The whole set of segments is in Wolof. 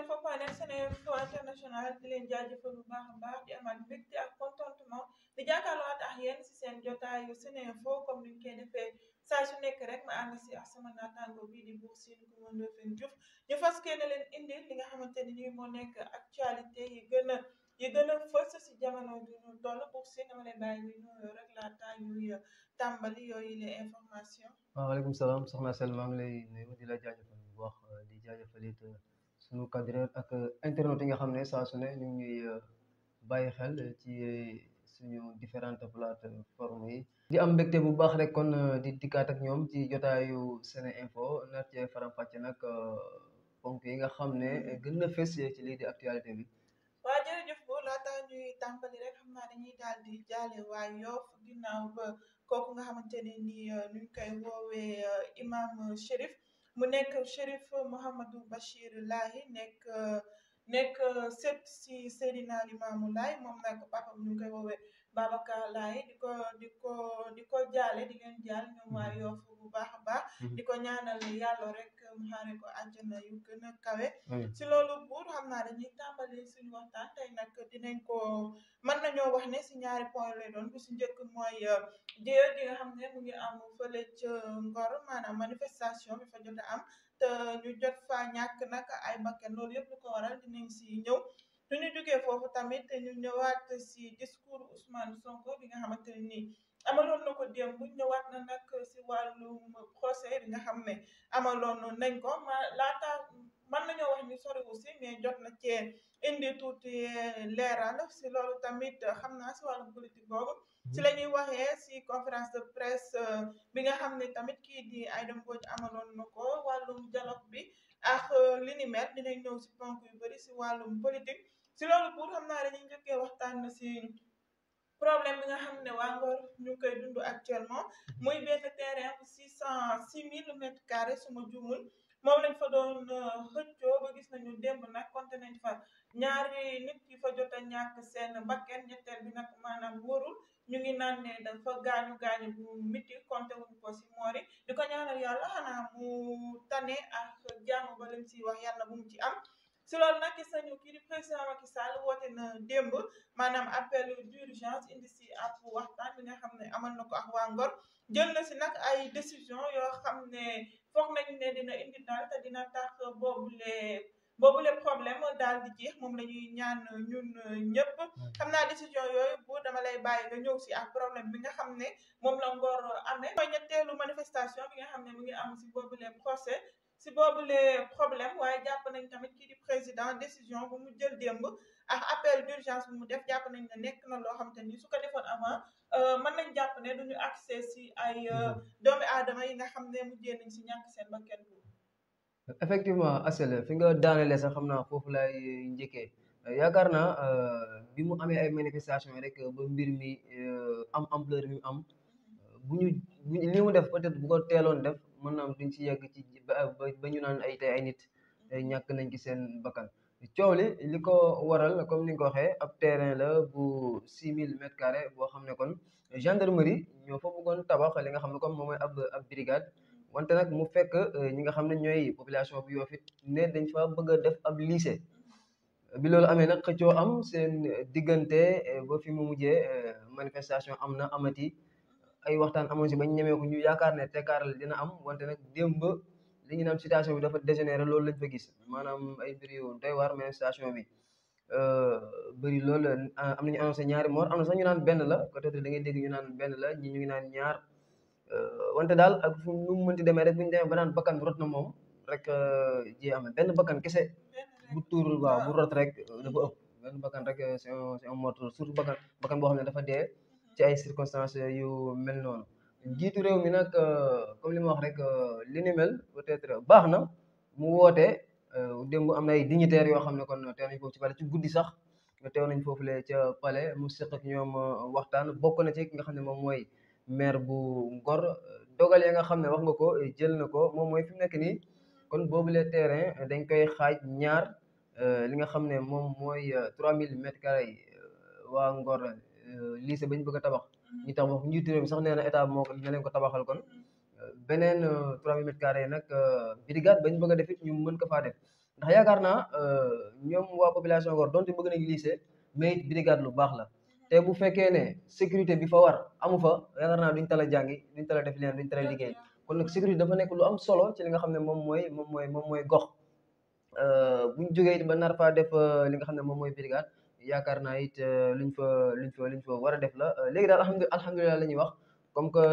info point net seen info international di leen jaajëfal bu baax baax di amaat mbégte ak contentement di jàkkaarloo ak yéen si seen jotaayu seen info comme ni ñu koy defee saa su nekk rek ma ànd si ak sama naataango bii di buux si ko mën doofen Diouf ñu fas kee na nga xamante ni nii moo nekk actualité yi gën a yi gën a fës si jamono bi ñu toll buux si dama lay bàyyi ñu nuyoo rek laataa ñuy tàmbali yooyu les informations. waaw waaleykum salaam soxna Sel maa ngi lay suñu cadre ak internautes yi nga xam ne saa su ne ñu euh, bàyyi xel ci euh, suñu différentes plateformes yi. di am mbégte bu baax rek kon euh, di dikkaat ak ñoom ci jotaayu Sene Info nar cee faram-fàcce nag ponk yi nga xam ne gën a fës ci lii di actualité bi. a jërëjëf bu laataa ñuy tàmbali rek xam naa dañuy daal di jaale waa Yoff ginnaaw ba kooku nga xamante ne nii ñu koy woowee imam Chérif. mu nekk Cherif Mouhamadou Bachir Lahi nekk nekk sët si Seydina Limamou Laye moom nag papam ñu ngi koy woowee Babacar Laye di ko di ko di ko jaale di leen jaal ñoom waa mm-hmm. Yoff baax a baax mm-hmm. di ko ñaanal yàlla rek mu xaare ko àjjana kawe mm-hmm. si loolu buur xam naa dañuy tàmbali suñu waxtaan tey nag dinañ ko mën nañoo wax ne si ñaari point lay doon bu si njëkk mooy euh, jéye di nga xam ne manifestation bi fa jot am te ñu jot fa ñàkk nag ay bakkan loolu yëpp lu ko waral dinañ si ñëw du ñu jógee foofu tamit ñëwaat si discours Ousmane Sonko bi nga xamante ne nii amaloon na ko démb ñëwaat na nag si wàllum procès bi nga xam ne amaloon nañ ko ma laata mën nañoo wax ni sori aussi mais jot na cee tout tuuti leeral si loolu tamit xam naa si wàllum politique boobu. si la ñuy waxee si conférence de presse bi nga xam ne tamit ki di Aïda Mbodj amaloon na ko wàllum dialogue bi ak li ni mel ñëw si ponk yu bëri si wàllum politique. si loolu pour xam naa dañuy njëkkee waxtaan na si problème bi nga xam ne waa ñu koy dund actuellement muy benn terrain bu six cent six mille mètres carrés suma jumul moom lañ fa doon euh, xëccoo ba gis nañu démb nag konte nañ fa ñaari nit yi fa jot a ñàkk seen bakken ñetteel bi nag maanaam wóorul ñu ngi naan ne dafa gaañu gaañu bu miti konte wuñ ko si moori di ko ñaanal yàlla xanaa mu tane ak jàmm ba lim si wax yàlla bu mu ci am si lool nag gis nañu kii di président Macky Sall woote na démb maanaam appel d'urgence indi si ab waxtaan bi nga xam ne amal na ko ak waa Ngor jël na si nag ay décision yoo xam ne foog nañ ne dina indi daal te dina tax boobule boobule problème daal di jeex moom la ñuy ñaan ñun ñëpp hmm. xam naa décision yooyu bu dama lay bàyyi nga ñëw si ak problème bi nga xam ne moom la Ngor amee mooy ñetteelu manifestation bi nga xam ne mu ngi am si boobule procès si boobu les problèmes waaye jàpp nañ tamit kii di président décision bu mu jël démb ak appel d'urgence bu mu def jàpp nañ ne nekk na loo xamante ni su ko defoon avant euh, mën nañ jàpp ne duñu accès si ay euh, mm-hmm. doomi aadama yi nga xam ne mujjee nañ si ñàkk seen bakkan bu effectivement asel fi nga daanele sax xam naa foofu lay euh, njëkkee yaakaar naa bi mu amee ay manifestation rek ba mbir mi am ampleur mi am mm-hmm. bu ñu li mu def peut ko teeloon def mën naa am duñ ci yàgg ci ba ñu naan ay tey ay nit ñàkk nañ ci seen bakkan coow li li ko waral comme ni nga ko waxee ab terrain la bu six mille mètres carrés boo xam ne kon gendarmerie ñoo fa bëggoon tabax li nga xam ne comme moom mooy ab ab brigade wante nag mu fekk euh, ñi nga xam ne ñooy population bu yoofit it ne dañ fa bëgg a def ab lycée bi loolu amee nag xëccoo am seen diggante euh, ba fi mu mujjee euh, manifestation am na amati ay waxtaan amoon si bañ ñemee ko ñu yaakaar ne te tekkaaral dina am wante rek nag démb li ñu naan situation bi dafa dégénéré loolu lañ fa gis maanaam ay mbir yu waar mais situation bi euh, bëri loolu am nañu annoncé ñaari mort am na ñu naan benn la peut-être da ngay dégg ñu naan benn la ñi ñu ngi naan ñaar euh, wante daal ak fu nu mu mënti demee rek bu ñu demee ba naan bakkan bi rot na moom rek euh, jii am benn bakkan kese bu tuurul waaw bu rot rek dafa ëpp benn bakkan rek c'est un c'est bakkan bakkan boo xam ne dafa dee ci ay circonstances yu mel noonu jiitu réew mi nag euh, comme li ma wax rek euh, li ni mel peut-être baax na mu woote euh, démb am na ay dignitaires yoo xam ne kon teew nañ foofu ci palais ci guddi sax teew nañ foofu le ca palais mu seq ak ñoom waxtaan bokk na ci ki nga xam ne moom mooy maire bu Ngor dogal ya nga xam ne wax nga ko jël na ko moom mooy fi mu nekk nii kon boobu le terrain dañ koy xaaj ñaar li nga xam ne moom mooy 3000 mètres carrés waa Ngor Euh, lycée bañ bëgg tabax mm-hmm. ñu tabax njiitu sax nee na état moo ko ko tabaxal kon mm-hmm. euh, beneen euh, trois mille mètres carrés nag brigade bañ bëgg a def ñu mën ko faa def ndax yaakaar naa ñoom waa population Ngor donte bëgg nañ lycée mais it lu baax la mm-hmm. te bu fekkee ne sécurité bi fa war amu fa yaakaar naa duñ tala jàngi duñ tala def leen duñ tala liggéey kon nag sécurité dafa nekk lu am solo ci li nga xam ne moom mooy mooy moom mooy gox bu ñu jógee it ba nar faa def li nga xam ne moom mooy brigade yaakaar naa it euh, liñ fa liñ fa liñ fa war a def la euh, léegi daal alhamdulilah la ñuy wax comme que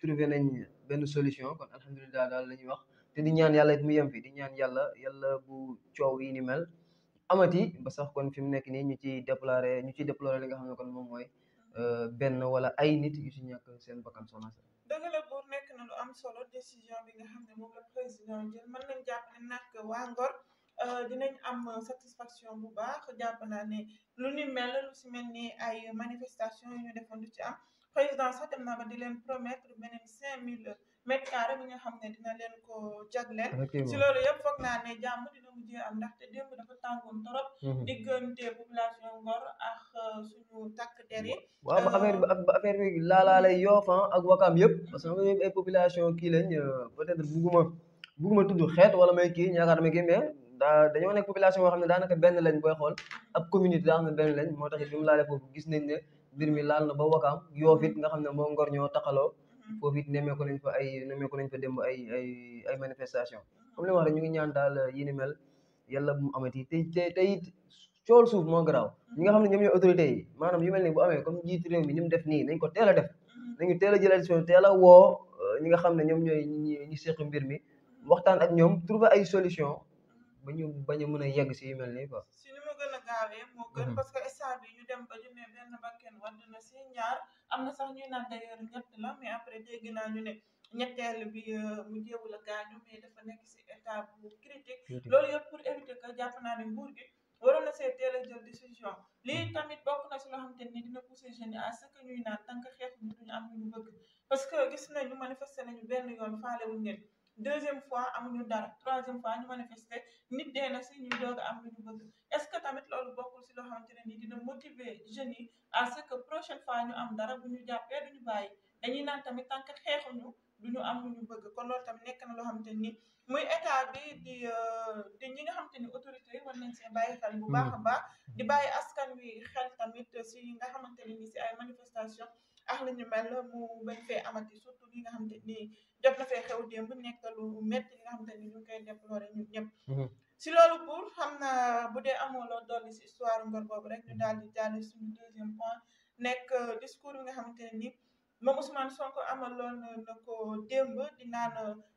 trouvé nañ benn solution kon alhamdulilah daal la ñuy wax te di ñaan yàlla it mu yem fi di ñaan yàlla yàlla bu coow yi ni amati ba sax kon fi mu nekk nii ñu ci déploré ñu ci déploré li nga xam ne kon moom mooy euh, benn wala ay nit yu si ñàkk seen bakkan soxna si dëgg la bu nekk na lu am solo décision bi nga xam ne moom la président jël mën nañ jàpp ne nag Euh, dinañ am satisfaction bu baax jàpp naa ne lu ni mel lu si mel ni ay manifestation yu ñu defoon du ci am président sax dem naa di leen promettre beneen cinq mille mètres carrés bi nga xam ne dina leen ko jagleel si loolu yëpp foog naa ne jàmm dina mujjee am ndaxte démb dafa tàngoon torop mhm. diggante population Ngor ak euh, suñu takk der yi waaw euh, affaire bi ba affaire a laalaale yoofan ah, ak wakaam yëpp parce que ñoom population kii lañ peut être bugguma bugguma tudd xeet wala may kii ñaakaar ma daa euh, dañoo nekk population boo xam ne daanaka benn lañ booy xool ab communauté daa xam ne benn lañ moo taxit bi mu foofu gis nañ ne mbir mi laal na ba wakaam yoof it nga xam ne moo ngor ñoo taxaloo mm-hmm. foofu it nemmeeku nañ fa ay nemmeeku nañ fa démb ay ay ay manifestation comme li ma wax rek ñu ngi ñaan daal euh, yi ni mel yàlla bu mu amati te te te suuf moo garaaw mm-hmm. ñi nga xam ne ñoom ñooy autorités yi maanaam yu mel ni bu amee comme jiitu réew mi ni mu nii nañ ko teel def mm-hmm. nañu teel a jël décision teel a woo euh, ñi nga xam ne ñoom ñooy ñi seq mbir mi waxtaan ak ñoom trouver ay solution ba ñu bañ a yegg si nii quoi. si ni mu gën a gaawee moo gën mhm. parce que stade bi ñu dem ba ñu ne benn bakken wadd na si ñaar am na sax ñuy naan d'ailleurs ñett la mais après dégg naa ñu ne ñetteel bi euh, mu jéewu la gaañu mais dafa nekk si état bu critique loolu yëpp pour éviter que jàpp naa ne nguur gi waroon na see teel a jël décision lii mhm. tamit bokk na si loo xamante ni dina pousser jeunes yi à ce que ñuy naan tànk a bi duñu am ñu bëgg parce que gis nañu manifester nañu benn yoon faale wuñ deuxième fois amuñu dara troisième fois ñu manifester nit dee na si ñu doog a am lu ñu bëgg est-ce que tamit loolu bokkul si loo xamante ne nii dina motiver jeunes yi a ce que prochaine fois ñu am dara bu ñu jàppee du ñu bàyyi dañuy naan tamit tant que xeexuñu du ñu am lu ñu bëgg kon loolu tamit nekk na loo xamante ni muy état bi di euh, di ñi nga xamante ni autorité yi war nañ seen bàyyi xel bu baax a baax mm. di bàyyi askan wi xel tamit si nga xamante ne nii si ay manifestation ak li ñu mel mu bañ fee amati surtout li nga xam te ni jot na fee xew démb nekk lu métti li nga xam te ni ñu koy déploré ñun ñëpp. Mhm. si loolu pour xam na bu dee amoo lo dolli si histoire Ngor boobu rek ñu daal di jàll suñu deuxième point nekk euh, discours bi nga xam te ni moom Ousmane Sonko amaloon na ko démb di naan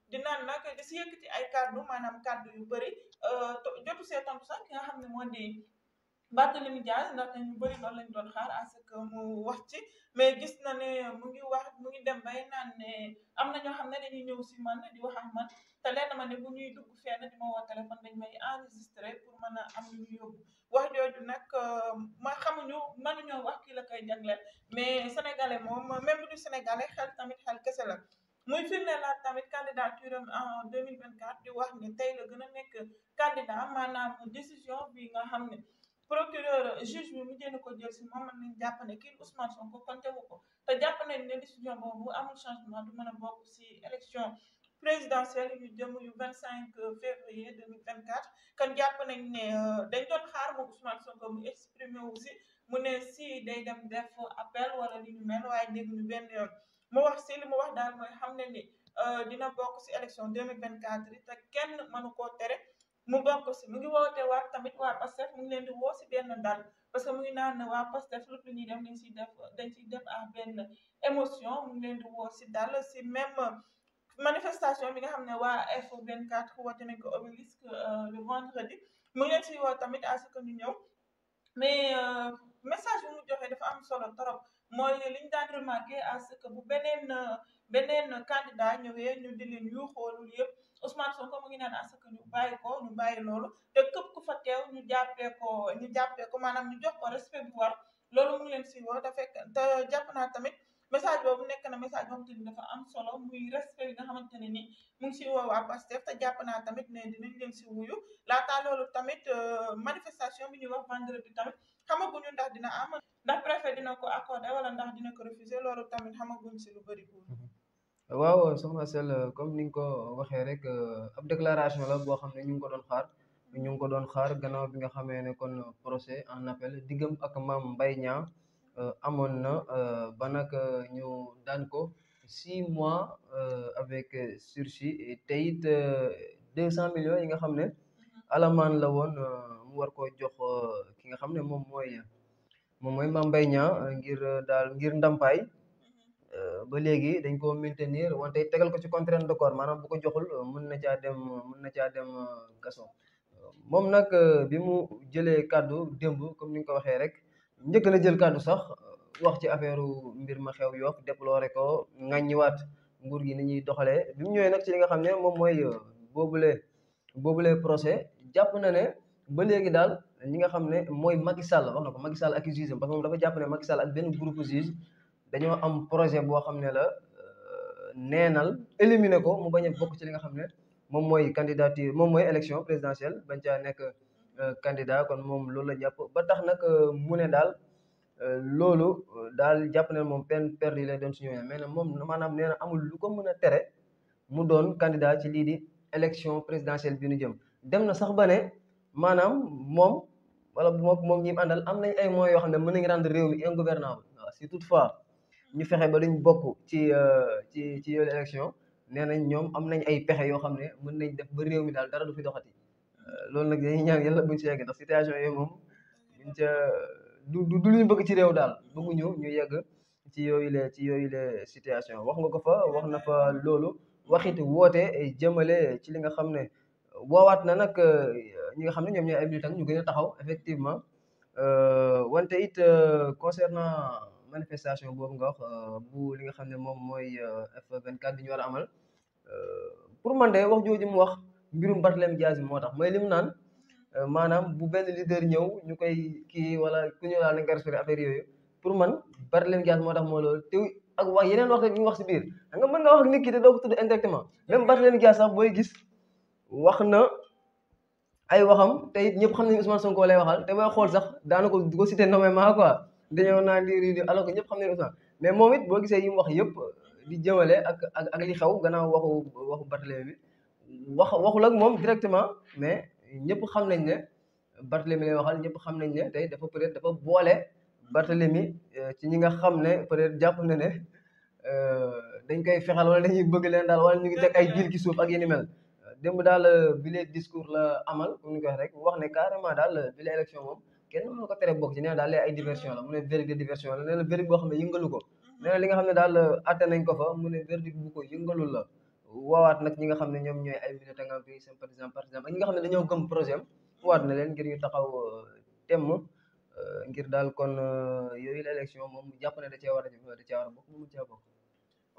di naan nag di si yëkkati ay kàddu maanaam kàddu yu bëri euh, jotu see tontu sax ki nga xam ne moo di. Barthélémy na ndaxte ñu bëri loolu lañ doon xaar à ce que mu wax ci mais gis na ne mu ngi wax mu ngi dem bay naan am na ñoo xam ne dañuy ñëw si man di wax ak man te leer na ma ne bu ñuy dugg fenn di ma woo téléphone dañ may enregistré pour mën a am lu ñu yóbbu wax jooju nag euh, ma xamuñu mënuñoo wax kii la koy jagleel mais sénégalais moom même bu ñu sénégalais xel tamit xel kese la. muy firnde la tamit candidature am en 2024 di wax ne tey la gën a nekk candidat maanaam décision bi nga xam ne. procureur juge bi mu jénn ko jël si moom mën nañ jàpp ne kii Ousmane Sonko compté wu ko te jàpp nañ ne décision amul changement du mën a bokk si élection présidentielle yu jëm yu vingt cinq février deux mille vingt quatre kon jàpp nañ ne euh, dañ doon xaar moom Ousmane Sonko mu exprimé wu si mu ne si day dem def appel wala li ñu mel waaye dégg ñu benn yoon mu wax si li mu wax daal mooy xam ne ni euh, dina bokk si élection deux mille vingt quatre yi te kenn mënu koo tere mu bokk si mu ngi woote waat tamit waa Pastef mu ngi leen di woo si benn ndal parce que mu ngi naan waa Pastef lépp lu ñuy def dañ siy def dañ siy def à benn émotion dal si même manifestation bi nga xam ne waa F24 woote nañ ko Obélisque euh, le vendredi mu ngi si woo tamit à ce que ñu ñëw mais euh, message bu mu joxee dafa am solo trop mooy li ñu daan remarqué à ce que bu beneen euh, beneen candidat ñëwee ñu di leen yuuxoo loolu yëpp. Ousmane Sonko mu ngi naan à ce que ñu bàyyi ko ñu bàyyi loolu te képp ku fa teew ñu jàppee ko ñu jàppee ko maanaam ñu jox ko respect bu loolu mu ngi leen si woo te fekk te jàpp naa tamit message boobu nekk na message boobu tamit dafa am solo muy respect yi nga xamante ne ni mu ngi si woo waa Pastef te jàpp naa tamit ne dinañ leen si wuyu laataa loolu tamit euh, manifestation bi ñuy wax vendredi tamit xamaguñu ndax dina am ndax dina ko accordé wala ndax dina ko refusé loolu tamit xamaguñ si lu bëri mhm. waaw soxna Sall comme ni nga ko waxee rek ab déclaration la boo xam ne ñu ngi ko doon xaar ñu ngi ko doon xaar gannaaw bi nga xamee ne kon procès en appel diggam ak maam mbay Niang amoon na ba nag ñu daan ko six mois avec sursis te it deux cent millions yi nga xam ne alamaan la woon mu war ko jox ki nga xam ne moom mooy moom mooy maam ngir daal ngir ndàmpaay. ba léegi dañ ko maintenir wante tegal ko ci contrainte de corps maanaam bu ko joxul euh, mën na caa dem mën na caa dem euh, kaso moom nag euh, bi mu jëlee kàddu démb comme ni nga ko waxee rek njëkk na jël kàddu sax wax ci affaire mbir ma xew Yoff déploré ko ŋàññiwaat nguur gi ni ñuy doxalee bi mu ñëwee nag ci li nga xam ne moom mooy boobule boobule procès jàpp na ne ba léegi daal ni nga xam ne mooy Macky Sall wax na ko Macky Sall ak juge parce que moom dafa jàpp ne Macky Sall benn groupe juge dañoo am projet boo xam ne la euh, neenal éliminer ko mu bañ a bokk ci li nga xam ne moom mooy candidature moom mooy élection présidentielle bañ caa nekk euh, candidat kon moom loolu la jàpp ba tax nag euh, mu ne daal loolu daal jàpp ne moom peine perdue lay doon suñu mais nag moom maanaam nee na amul lu ko mën a tere mu doon candidat ci lii di élection présidentielle bi nu jëm dem na sax ba ne maanaam moom wala moom moom ñi àndal am nañ ay moyens yoo xam ne mën nañ rendre réew mi ingouvernable ñu fexe ba ñu bokk ci euh, ci ci yooyu élection nee nañ ñoom am nañ ay pexe yoo xam ne mën nañ def ba réew mi daal dara du fi doxati euh, loolu nag dañuy ñaan yàlla buñ si yegg ndax situation yooyu moom ñu ci réew daal bëgguñu ñu yegg ci yooyu le ci yooyu le situation wax nga ko fa wax na fa loolu waxit woote jëmale ci li nga xam ne woowaat na nag euh, ñi nga xam ne ñoom ñooy ay militants ñu gën a taxaw effectivement wante it concernant manifestation boobu nga wax euh, bu li nga xam ne moom mooy euh, F24 bi ñu war a amal euh, pour man de wax jooju mu wax mbirum Barthélémy Dias bi moo tax mooy lim naan maanaam bu benn leader ñëw ñu koy kii wala ku ñu laal nañ ko respecté affaire yooyu pour man Barthélémy Dias moo tax moo loolu te ak wax yeneen wax rek ñu wax si biir xam nga mën nga wax ak nit ki te doo ko tudd indirectement même Barthélémy Dias sax booy gis wax na ay waxam te it ñëpp xam nañu Ousmane Sonko lay waxal te booy sax daana ko du ko cité nommément quoi dañoo naan lii lii alors que ñëpp xam nañu Ousmane mais moom it boo gisee yi wax yëpp di jëmale ak ak ak li xew gannaaw waxu waxu Barthélemy bi wax waxu ak moom directement mais ñëpp xam nañ ne Barthélemy lay waxal ñëpp xam nañ ne tey dafa peut-être dafa boole Barthélemy euh, ci ñi nga xam ne peut-être jàpp na ne euh, dañ koy fexal wala dañuy bëgg leen daal wala ñu ay jiil ci suuf ak yéni mel démb daal euh, bi lee discours la amal comme ni ko wax rek wax ne carrément daal bi lee élection moom kenn mënu ko tere bokk ci nee na daal ay diversion la mu ne verdict diversion la nee na verdict boo xam ne yëngalu ko mhm. nee li nga xam ne daal atte ko fa mu ne verdict bu ko yëngalul la waawaat nag ñi nga xam ne ñoom ñooy ay militants bi sympathisants partisans ak ñi nga xam ne dañoo gëm projet am waat na leen ngir ñu taxaw euh, temm euh, ngir daal kon euh, yooyu la élection moom jàpp ne da cee war a da cee war a bokk mu cee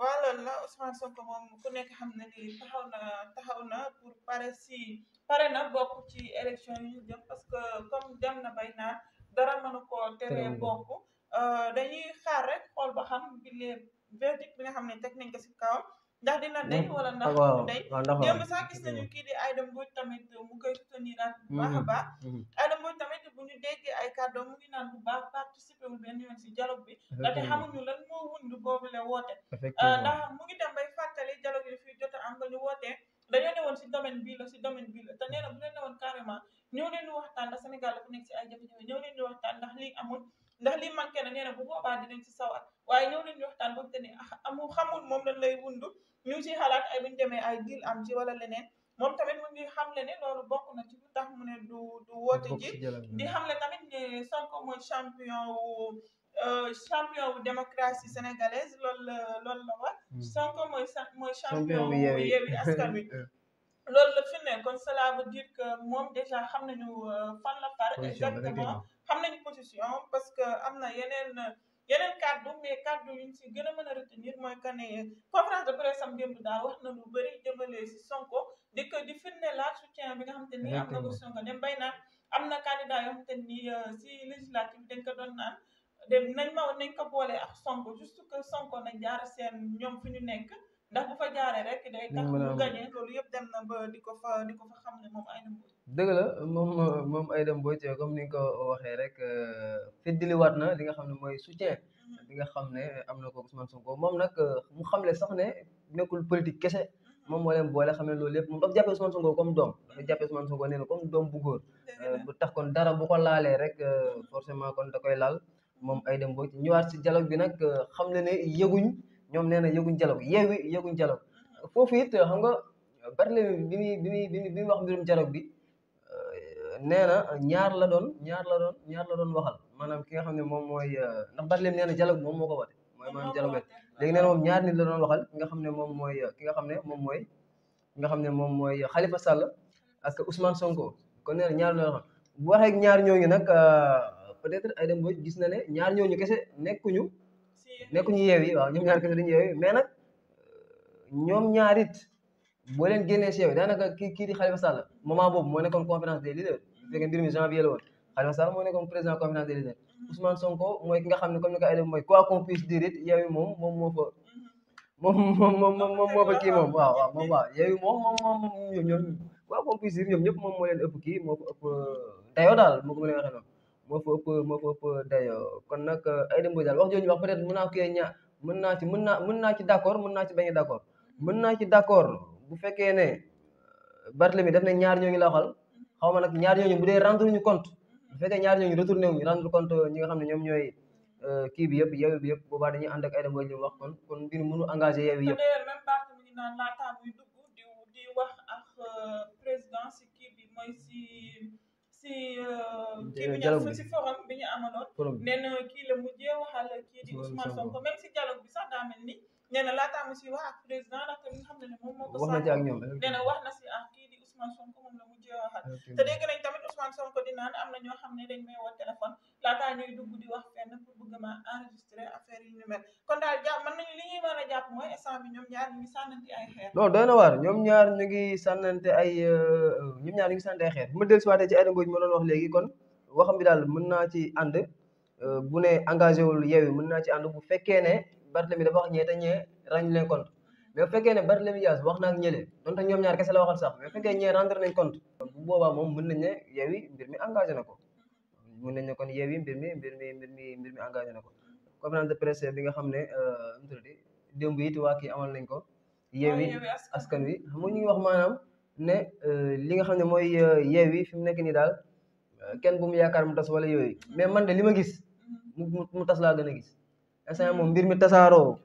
waaw loolu la Ousmane Sonko moom ku nekk xam na ni taxaw na taxaw na pour pare si pare na bokk ci élection yi jëm parce que comme dem na bay naan dara mënu ko teree bokk euh, dañuy xaar rek xool ba xam bi le verdict bi nga xam ne teg nañ si kawam ndax dina dey wala ndax du dey démb sax gis nañu kii di Aïda Mbodj tamit mu koy teniraat bu baax a mm-hmm, baax mm-hmm. Aïda Mbodj tamit bu ñu déggee ay kàddoom mu ngi naan bu baax participé wul benn yoon si dialogue bi ndaxte xamuñu lan moo wund boobu la woote ah, ndax mu ngi dem bay fàttali dialogue yi fii jot am ba ñu wootee dañoo ne woon si domaine bii la si domaine bii la te nee na bu leen ne woon carrément ñëw leen ñu waxtaan ndax Sénégal dafa nekk si ay jafe-jafe ñëw leen ñu waxtaan ndax lii amul ndax li manqué na nee na bu boobaa dinañ ci sawar waaye ñëw nañ waxtaan boobu te ni ah, amul ah, xamul moom dañ lay wundu ñu ngi ciy xalaat ay demee ay am ci wala leneen moom tamit mu ngi xamle ne loolu bokk na ci lu tax mu ne du du woote ji di xamle tamit ne Sonko mooy champion wu euh, champion wu démocratie sénégalaise loolu la loolu la wax hmm. Sonko mooy mooy champion wu Yewwi Askan Wi loolu la fi ne kon cela veut dire que moom déjà xam nañu euh, fan la par exactement xam nañu position parce que am na yeneen yeneen kàddu mais kàddu yuñ si gën a mën a retenir mooy que ne conférence de presse am démb daal wax na lu bëri jëmale Sonko di ko di firnde la soutien bi nga xam te am na ko Sonko dem bay naan am na candidat yoo xam te ni si euh, législative dañ ko doon naan dem nañ ma nañ ko boole ak Sonko juste que Sonko na jaar seen ñoom fi ñu nekk ndax fa jaaree rek day tax di ko fa di ko fa xam ne moom Aïda Mbodj. dëgg la moom moom Aïda Mbodj comme ni nga ko waxee rek euh, fëddiliwaat na li nga xam ne mooy soutien. Mhm. li nga xam ne am na ko Ousmane Sonko moom nag euh, mu xamle sax ne nekkul politique kese. Mhm. moom moo leen boole xam ne loolu yëpp moom dafa jàppee Ousmane Sonko comme doom dafa jàppee Ousmane Sonko nee comme doom bu góor. Euh, bu tax kon dara bu ko laalee rek forcément kon da koy laal moom Aïda Mbodj ñëwaat si dialogue bi nag xam le ne yëguñ. ñoom nee na yëguñ dialogue yeewi yëguñ dialogue foofu it xam nga Barthélemy bi muy bi muy bi muy wax mbirum dialogue bi euh, nee na ñaar la doon ñaar la doon ñaar la doon waxal maanaam ki nga xam ne moom mooy euh, ndax Barthélemy nee na dialogue moom moo ko wate mooy maanaam dialogue léegi nee na moom ñaar nit la ki nga xam ne moom mooy ki nga xam ne moom mooy nga xam ne moom mooy Khalifa Sall ak Ousmane Sonko kon nee ñaar la doon waxal bu waxee ñaar ñooñu nag euh, peut-être ay dem ba gis na ne ñaar ñooñu kese nekkuñu nekkuñu yeewi waaw ñoom ñaar kese dañu yeewi mais nag euh, ñoom ñaar it boo leen génnee si kii kii di Khalifa Sall moment boobu moo nekkoon conférence des leaders bu fekkee mbir mi janvier la woon Khalifa moo nekkoon président conférence des leaders Ousmane Sonko mooy nga xam ne comme ni ko ay mooy quoi qu'on puisse dire it yeewi moom moom moo fa moom moom moom moo fa kii moom waaw waaw moom waaw yeewi moom moom moom ñoom ñoom quoi qu'on puisse dire ñoom ñëpp moom moo leen ëpp kii moo ko ëpp euh, dayoo daal moo a waxee moo fa ëpp moo fa ëpp dayoo kon nag eh, Aïda Mbodj daal wax jooju wax peut être mën naa koy ña mën naa ci mën naa mën naa ci d' accord mën naa ci bañ a d' accord mën naa ci d' accord bu fekkee ne euh, Barthélemy def na ñaar ñooñu la waxal xaw ma nag ñaar ñooñu bu dee rendre ñu compte bu fekkee ñaar ñooñu retourné wuñu rendre compte ñi nga xam ne ñoom ñooy euh, kii bi yëpp yow bi yëpp boobaa dañuy ànd ak Aïda Mbodj li mu wax kon kon mbir mënu engagé yow yëpp euh, président si kii bi mooy si si euh, kii bi ñu si forum bi ñu amaloon nee euh, na kii la mujjee waxal kii di Ousmane Sonko même si dialogue bi sax daa mel ni nee na laataa mu si wax ak président ndaxte li nga xam ne moom moo ko wax na ci ak ñoom eh. nee na wax na si ak ah, kii di Ousmane Sonko moom la mujjee mujjee waxal te dégg nañ tamit Ousmane Sonko di naan am na ñoo ne dañ may woo téléphone laataa ñuy dugg di wax kon daal jàpp mën nañu li ñuy a jàpp mooy instant ñoom ñaar ñu ngi sànnante ay xeer non doy na waar ñoom ay euh, euh, ñoom ñaar ñu ngi sànnante ay xeer bu ma dellu siwaatee wax léegi kon waxam bi daal mën naa ci ànd euh, bu engagé wul yeewi mën naa ci ànd bu fekkee ne mi dafa wax ñee te ñee mais bu fekkee ne Barthélémy Dias wax na ak ñële donte ñoom ñaar kese la waxal sax mais fekkee ñee rendre nañ compte moom mën nañ ne Yewwi mbir mi engagé na ko mën nañ ne kon Yewwi mbir mi mbir mi mbir mi mbir mi engagé na ko conférence de presse xam ne euh, mtudi démb it waa kii amal nañ ko Yewwi askan wi xam nga ñu wax maanaam ne euh, li nga xam ne mooy euh, Yewwi fi mu nekk nii daal kenn bu mu yaakaar mu tas wala yooyu mais man de li ma gis mu tas laa gën a gis instant moom mbir mi tasaaroo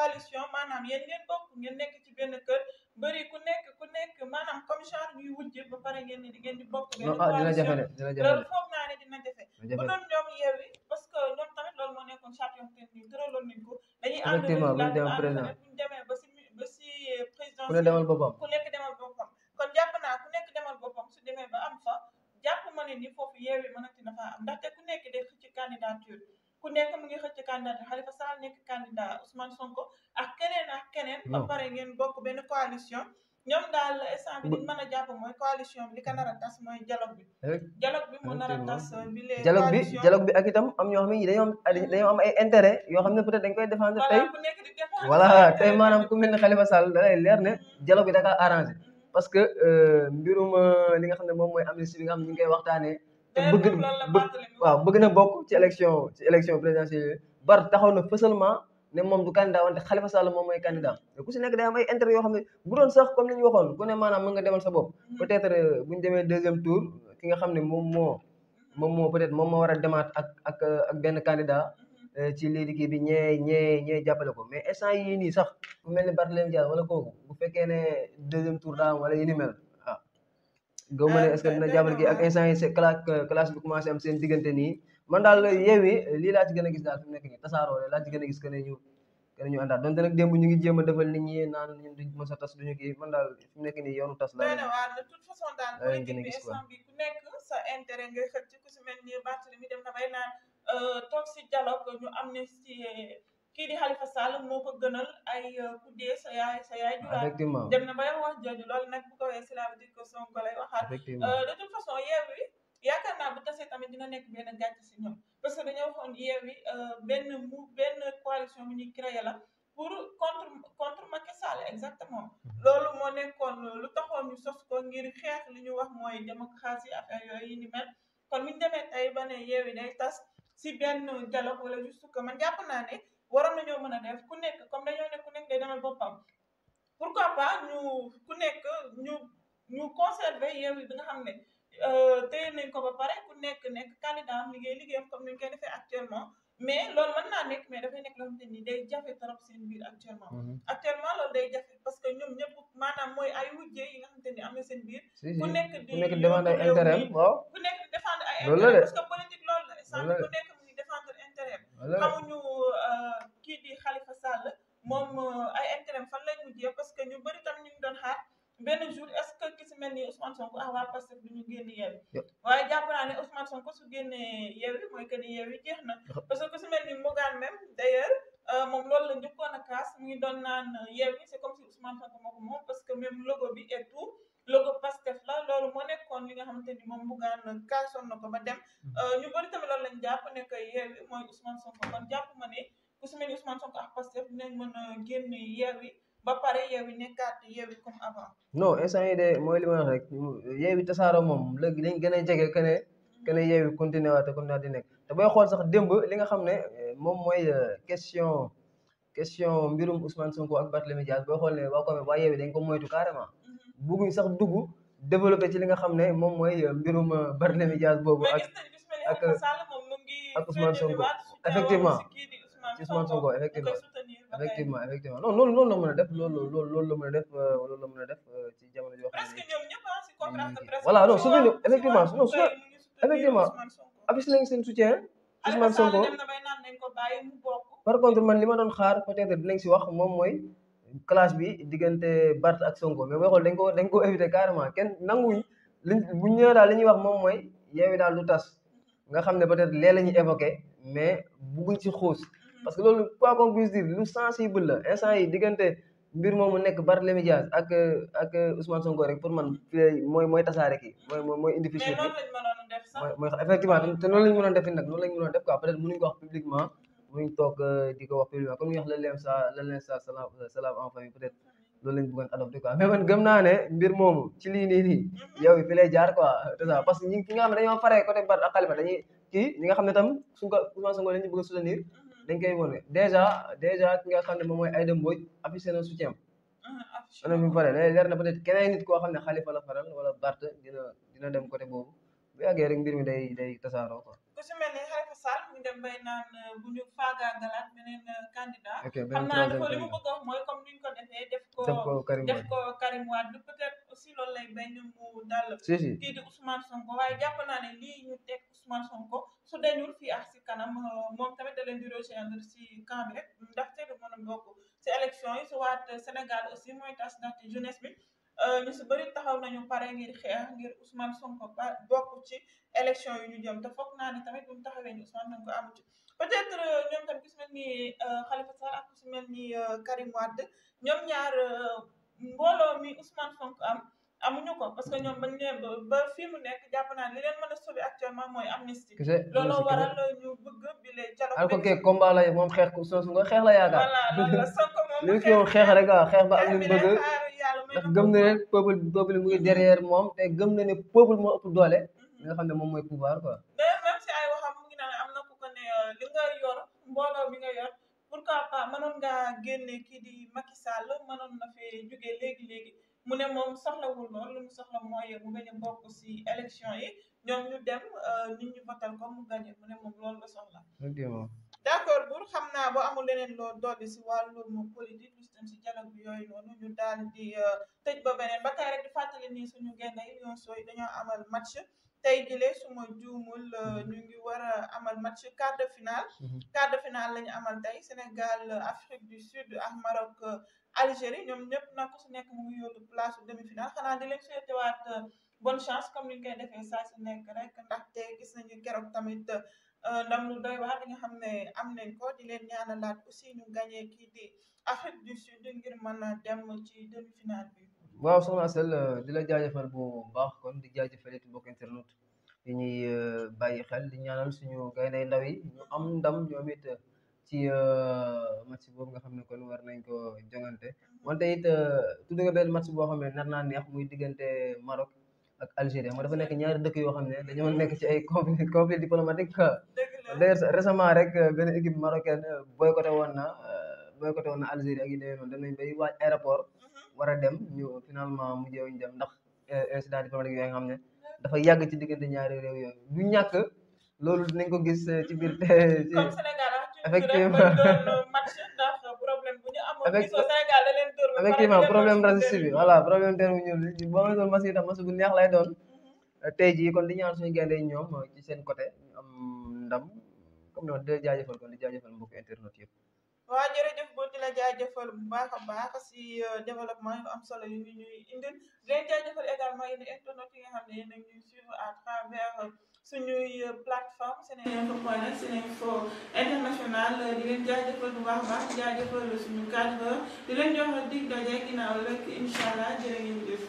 coalition maanaam yéen ngeen bokk ngeen nekk ci benn kër bëri ku nekk ku nekk maanaam comme genre ñuy wujje ba pare ngeen di ngeen di bokk. benn ah, coalition loolu foog naa ne dina jafe. bu doon ñoom yeewi parce que ñoom tamit loolu moo nekkoon charte yoo xam ne tëraloon nañ ko. bu ba si ba eh, ku nekk demal boppam ku nekk demal boppam. kon jàpp naa ku nekk demal boppam su demee ba am fa jàpp ma ne ni foofu yeewi mënati na faa am ndaxte ku nekk day xëcc candidature ku nekk mu ngi xa candidat Khalifa Sall nekk candidat Ousmane Sonko ak keneen ak keneen. ba pare ngeen bokk benn coalition. ñoom daal instant bi di a jàpp mooy coalition bi li ko nar mooy dialogue bi. Eh? dialogue bi mu nar a tas euh, bi lee. dialogue bi ak itam am ñoo xam ne dañoo am dañoo am ay intérêt yoo xam ne peut-être dañ koy défendre tey. ku nekk di défendre voilà tey maanaam ku mel ni leer ne mm-hmm. dialogue bi da arrangé. Mm-hmm. parce que euh, mbirum euh, li nga xam ne moom mooy amnistie bi nga xam ne ñu ngi waxtaanee. te bëgg waaw bëgg na bokk ci élection ci élection présidentielle bar taxaw na fësalement ne moom du candidat wante Khalifa Sall moom mooy candidat ku si nekk day am ay intérêt yoo xam ne bu doon sax comme li ñu waxoon ku ne maanaam mën nga demal sa bopp mm-hmm. peut-être euh, bu ñu deuxième tour ki nga xam ne moom moo moom moo peut-être moom moo war a demaat ak ak ak benn candidat mm-hmm. euh, ci lii di kii bi ñee ñee ñee jàppale ko mais instant yii nii sax bu mel ni Barthélémy Dias wala kooku bu fekkee ne deuxième tour daa am wala yi ni mel gaw ma ne est-ce que ah, dina jàppale kii ak instant yi euh, classe bi commencé am seen diggante nii man daal Yewwi lii laa ci gis daal fi nekk nii tasaaroo laa ci gën gis que ne ñu que ne ñu àndaat donte nag démb ñu ngi jéem a defal nit ñi naan ñun duñ mos a tas duñu kii man daal fi mu nekk nii yoonu tas la de si mel ni Barthélemy dem na bay naan euh, toog si dialogue ñu amnistie kii di Khalifa Sall moo ko gënal ay euh, ku sa yaay sa yaay julaat effectivement dem na bay wax jooju loolu nag bu ko waxee cela veut dire que lay waxaat euh, de toute façon Yewwi yaakaar naa bu tasee tamit dina nekk benn gàcc si ñoom parce que dañoo waxoon Yewwi euh, benn mu benn coalition bu ñu créé la pour contre contre Macky Sall exactement mhm. loolu moo nekkoon lu taxoon ñu sos ko ngir xeex lu ñu wax mooy démocratie affaire yooyu yi ni kon mi ñu demee tey ba ne Yewwi day tas si benn dialogue wala juste que man waroon nañoo mën a def ku nekk comme dañoo ne ku nekk day demal boppam pourquoi pas ñu ku nekk ñu ñu conserver yow bi nga xam ne euh, téye nañ ko pare ku nekk nekk candidat am liggéey liggéeyam comme ni ñu mais loolu mën naa nekk mais dafay nekk loo xamante ni day jafe trop seen biir actuellement. Mhm. actuellement day jafe parce que ñoom ñëpp maanaam mooy ay wujje yi nga xamante ni am na seen biir. ku nekk di ku nekk di politique loolu la. loolu la xamuñu euh, kii di Khalifa Sall moom euh, ay intérêt fan lay mujjee parce que ñu bëri tam ñu ngi doon benn jour est-ce que ki si mel ni Ousmane Sonko ah waa parce que du ñu génn yeewi waaye jàpp naa ne Ousmane Sonko su génnee yeewi mooy que ni jeex na parce que ku ni Bougane même d'ailleurs euh, moom loolu la njëkkoon a kaas mu ngi doon naan yeewi c'est comme si Ousmane Sonko moo ko parce que même logo bi et tout logo Pastef la loolu moo nekkoon li nga xamante ni moom Bougane kaasoon na ko ba dem mm. euh, ñu bëri mooy Ousmane Sonko ma ne ku si mel ni Ousmane a génn Yewwi ba pare Yewwi nekkaat Yewwi avant. non instant yi de mooy li ma wax rek Yewwi tasaaroo moom léegi dañ gën a jege que ne que ne Yewwi continué waat comme naa di nekk te booy xool sax démb li nga xam ne euh, moom mooy euh, question question mbirum Ousmane Sonko ak Barthélémy Dias booy xool ne waa ko waa Yewwi bëgguñ sax dugg développé ci li nga xam ne moom mooy euh, mbirum euh, Barthélémy Dias boobu ak ak euh, ak Ousmane Sonko effectivement ci Ousmane Sonko effectivement effectivement non loolu loolu la mën a def loolu loolu loolu la mën mën a def ci jamono joo xam ne ah, voilà non soutenir effectivement non effectivement affiché nañ seen soutien Ousmane Sonko par contre man li ma doon xaar peut-être dinañ si wax moom mooy clash bi diggante Barth ak Sonko mais booy xool dañ ko dañ ko éviter carrément kenn nanguñ liñ buñ daal li ñuy wax moom mooy yeewi daal lu tas nga xam ne peut-être lee la ñuy évoqué mais bugguñ ci xuus parce que loolu quoi qu'on puisse dire lu sensible la instant yi diggante mbir moomu nekk Barthélémy Dias ak ak Ousmane Sonko rek pour man mooy mooy tasaare kii mooy mooy indi fichier bi mooy effectivement te noonu lañ mënoon def nag noonu lañ mu ñu toog eh, di ko wax publiquement comme la leen sa la leen sa salaam salaam en famille peut être loolu lañ bëggoon adopté quoi man gëm naa ne mbir moomu ci lii nii nii yow fi lay jaar quoi tout ça parce que ñi nga xam ne dañoo pare côté Barth ak Khalifa dañuy kii nga xam ne tam Sonko Ousmane Sonko lañu bëgg a soutenir dañ koy wone déjà déjà ki nga xam ne moom mooy Aïda Mbodj affiché na soutien ah, ana bi mu pare léegi leer na peut être keneen nit koo xam ne Khalifa la faral wala Barth dina dina dem côté boobu bu yàggee rek mbir mi day day tasaaroo quoi ñu dem bay naan euh, bu ñu faagaagalaat beneen euh, candidat. ok xam naa dafa li a wax mooy comme ni ñu ko defee. def ko def ko Karim Wade peut aussi loolu lay bay ñu mu dal. si si kii di Sonko waaye jàpp naa ne lii ñu teg Ousmane Sonko su dañul fii ak si kanam euh, moom tamit da leen di si camp bi rek ndaxte du mën a bokk si élection yi su waat Sénégal aussi mooy tas ndaxte jeunesse bi. Euh, ñu si bëri taxaw nañu pare ngir xeex ngir Ousmane Sonko ba bokk ci élection yu ñu jëm te foog naa ni tamit bu ñu taxawee ni Ousmane nañ ko amu euh, ni euh, Khalifa Sall ak ku si ñaar mbooloo mi Ousmane Sonko am amuñu ko parce que ñoom bañ ne ba fii mu nekk naa li a sauver actuellement mooy amnistie looloo waral ñu bëgg ah, moom xeex ko Ousmane Sonko xeex la yaakaar voilà ah, ba am bëgg ndax gëm na ne peuple peuple mu ngi derrière moom te gëm na ne peuple moo doole li nga xam ne moom mooy pouvoir quoi. mais même si ay waxam mu ngi naan am na ku ko ne euh, nga yor mbooloo bi nga yor pourquoi pas mënoon ngaa génne kii di Macky Sall mënoon fee jógee léegi léegi mu ne moom soxlawul loolu lu mu soxla mooy mu bañ a bokk si élection yi ñoom ñu dem euh, nit ñu votal ko mu mu ne moom loolu la soxla. d' accord Bour xam naa boo amul leneen loo dolli si wàllum politique plus tam si dialogue bi yooyu noonu ñu daal di euh, tëj ba beneen ba tey rek di fàttali nii suñu gaynde yi Lions dañoo amal match tey di jile suma juumul euh, mm-hmm. ñu ngi war a amal match quart de finale. Mm-hmm. quart de finale la ñu amal tey Sénégal euh, Afrique du Sud ak Algérie ñoom ñëpp nag ku si nekk mu ngi yóbbu place demi finale xanaa di leen souhaité waat bonne chance comme ni ñu koy defee saa si nekk rek ndaxte gis nañu Euh, ndam lu doy waar li nga xam ne am nañ ko di leen ñaanalaat aussi ñu gagné kii di Afrique du Sud ngir mën a dem ci demi-finale bi. waaw soxna Sel euh, di la jaajëfal bu baax kon di jaajëfal it mbokk internet yi ñuy euh, bàyyi xel di ñaanal suñu gaynde ndaw yi ñu am ndam ñoom ci ci match boobu nga xam ne kon war nañ ko jongante mm-hmm. wante it tudd nga benn match boo xam ne nar naa neex muy diggante Maroc. ak Algérie moo dafa nekk ñaari dëkk yoo xam ne dañoo nekk ci ay conflit conflit diplomatique d'ailleurs récemment rek euh, benn équipe marocaine euh, boycotté woon na euh, boycotté woon na Algérie ak yu demee noonu dem nañ bay waaj aéroport mhm. war a dem ñu finalement mu jéewuñ dem ndax incident diplomatique yooyu nga xam ne dafa yàgg ci diggante ñaari réew yooyu du ñàkk loolu dinañ ko gis ci biir te ah, effectivement effectivement problème raciste bi voilà problème terme ñuul bi boo ma doon mas itam bu neex lay doon mhm. tey jii kon di ñaan suñu gaynde yi ñoom ci seen côté ñu am ndam comme ni ma di jaajëfal kon di jaajëfal mbokk internet yëpp waaw baax a baax si euh, développement yu am solo yu ñuy indil di leen jaajëfal également internet yi xam ne yéen a ngi ñuy suivre à suñuy euh, plateforme seneinfo point net seneinfo international euh, di leen jaajëfal bu baax a baax jaajëfal suñu cadre di leen jox dig daje ginnaaw rek incha allah jërë ngeen jëf